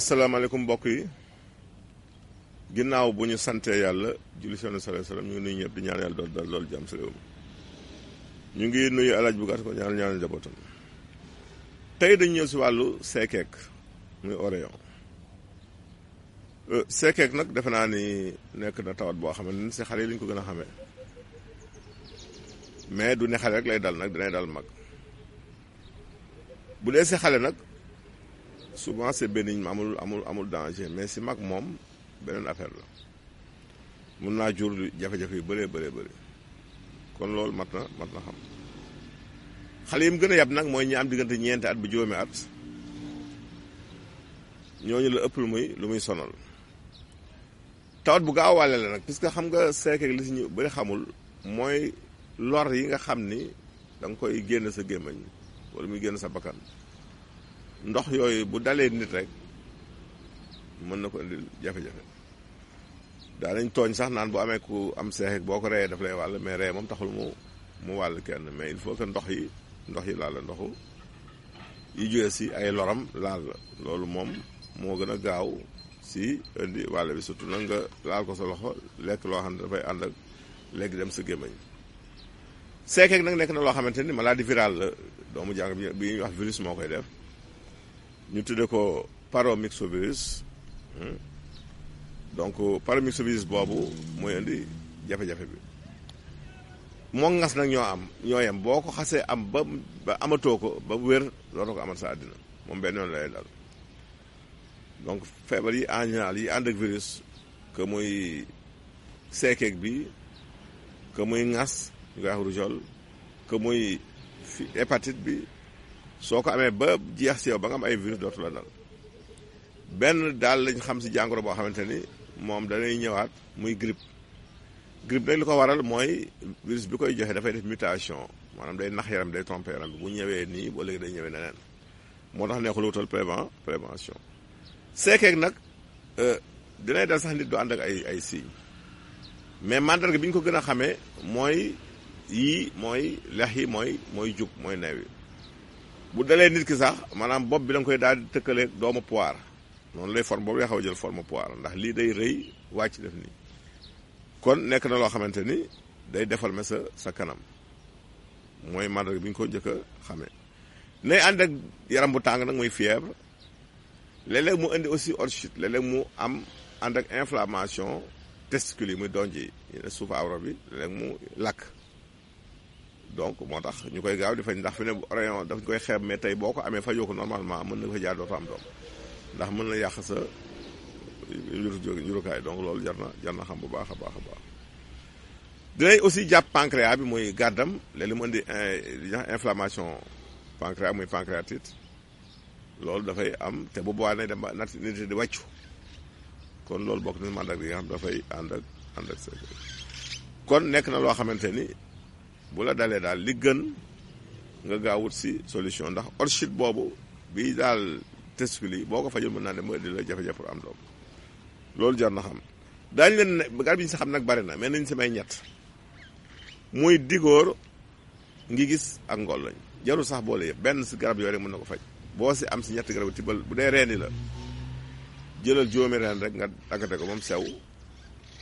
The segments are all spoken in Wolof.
asalaamaaleykum mbokk yi ginnaaw bu ñu santee yàlla julli seen salaam salaam ñu ngi nuyu ñëpp di ñaan yàlla dool loolu jàmm si réew mi ñu ngi nuyu alaaj bu gàtt ko ñaan ñaanal njabootam tey dañu ñëw si wàllu seekeek muy Oreo euh, seekeek nag defe naa ni nekk na tawat boo xam ni si xale yi dañ ko gën a xame mais du ne xale rek lay dal nag danay dal mag bu dee si xale nag souvent c'est bénin amul amul amul danger mais si mom mom benen affaire la mun na jour jafe jafé yu bëree bëree kon lol matna matna xam xalé yim gëna yab nak moy ñi am digënté ñent at bu joomi at ñoñu la ëppul muy lu muy sonal tawat bu gaaw wàlle la nak puisque xam nga ak li ci ñu xamul moy lor yi nga xamni dang koy génn sa gémmañ wala muy génn sa bakkan ndox yooyu bu dalee nit rek mën na ko indil jafe-jafe daanañ tooñ sax naan bu amee ku am seexeeg boo ko reyee daf lay wàll mais ree moom taxul mu mu wàll kenn mais il faut que ndox yi ndox yi laal la ndoxu yi jóge si ay loram laal la loolu moom moo gën a gaaw si indi wàll bi surtout na nga laal ko sa loxo lekk loo xam ne dafay ànd ak lekk dem sa gémmañ seekeeg nag nekk na loo xamante ni maladie virale la doomu jàng bi ñuy wax virus moo koy def ñu tudde ko paramyxovirus donc paramyxovirus boobu mooy indi jafe-jafe bi moom ngas nag ñoo am ñoo yem boo ko xasee am ba ba amatoo ko ba wér dootoo ko amal sa àddina moom benn yoon lay dal donc feebar yi en général yi ànd ak virus que muy seekeeg bi que muy ngas ñu koy wax rougeole que muy hépatite bi soo ko amee ba jeex si yow ba nga am ay virus dootu la dal benn daal lañ xam si jàngoro boo xamante ni moom danay ñëwaat muy grippe grippe nag li ko waral mooy virus bi koy joxe dafay def mutation maanaam day nax yaram day trompé yaram bi bu ñëwee nii ba léegi day ñëwee neneen moo tax neexul wutal préven prévention seekeeg nag euh, dinay dal sax nit du ànd ay ay signes mais màndarga bi ñu ko gën a xamee mooy yii mooy lex yi mooy mooy jug mooy neew yi bu dalee nit ki sax maanaam bopp bi danga koy daal di tëkkaleeg doomu poire noonu lay forme boobu lay xaw a jël forme poire ndax lii day rëy wàcc def nii kon nekk na loo xamante ni day defal déformer sa sa kanam mooy màndarga bi ñu ko njëkk a xamee. nay ànd ak yaram bu tàng nag mooy fièvre léeg mu indi aussi orchite léeg-léeg mu am ànd ak inflammation testicule yi muy donj yi souf awra bi léeg mu lakk. donc moo tax ñu koy gaaw di faj ndax fi ne rayon dañ koy xeeb mais tey boo ko amee fajoo ko normalement mën na ko fa jaar dootoo am doom ndax mën na yàq sa njurukaay donc loolu jar na jar na xam bu baax a baax a baax dinañ aussi jàpp pancréas bi muy gàddam léeg-léeg mu indi eh, inflammation pancréas muy pancréatite loolu dafay am te bu boobaa nañ dem ba nat nit di wàccu kon loolu bokk na mandak yi nga xam dafay ànd ak ànd ak kon nekk na loo xamante ni bu la dalee daal li gën nga gaawut si solution ndax orchid boobu bi daal tescule yi boo ko fajul mën naa ne mooy di la jafe-jafe pour am doom loolu jar na xam dañ leen ne garab yi si xam nag bari na mais nañ si may ñett muy digóor ngi gis ak ngol lañ jaru sax boole yëpp benn si garab yooyu rek mën na ko faj boo si am si ñetti garab tibal bu dee reeni la jëlal juróomi reen rek nga daggate ko moom sew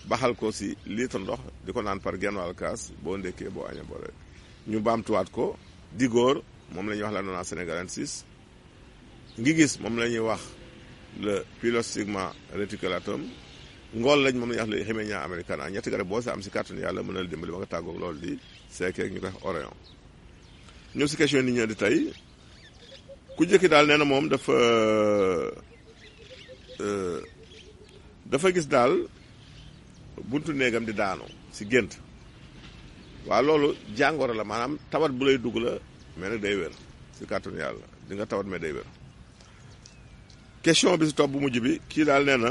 baxal ko si litre ndox di ko naan par genn wàll kaas boo ndekkee boo aña boo ñu baamtuwaat ko di moom la wax la nona sénégal 6 ngi gis moom la wax le pilostigma reticulatum ngol lañ mom la wax le ximenia americana ñetti garab boo si am si carton yàlla mënal dimbali ba nga tàggoog loolu di seekee ñu koy orion ñëw si question ni ñoo di tey ku jëkki daal nee na moom dafa euh, euh, dafa gis daal buntu néegam di daanu si gént waaw loolu jàngoro la maanaam tawat bu lay dugg la mel nag day wér si kàttanu yàlla di nga tawat mais day wér question bi si topp bu mujj bi kii daal nee na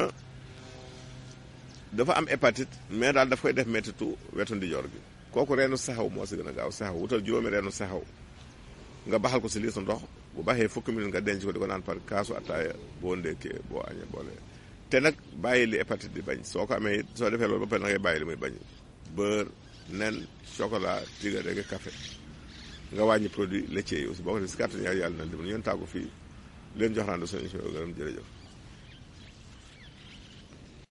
dafa am hépatite mais daal daf koy def mettitu wetu ndijoor gi kooku reenu saxaw moo si gën a gaaw saxaw wutal juróomi reenu saxaw nga baxal ko si lii su ndox bu baxee fukki minute nga denc ko di ko naan par kaasu ataaya boo ndekkee boo añee boo te nag bàyyi li hépatite di bañ soo ko amee soo defee loolu ba pare na ngay bàyyi li muy bañ beurre nen chocolat tiga rek kafe nga wàññi produit laitier yi aussi boo ko defee si kàttan yàlla na lim yoon tàggu fii leen jox rendez-vous suñu gërëm jërëjëf.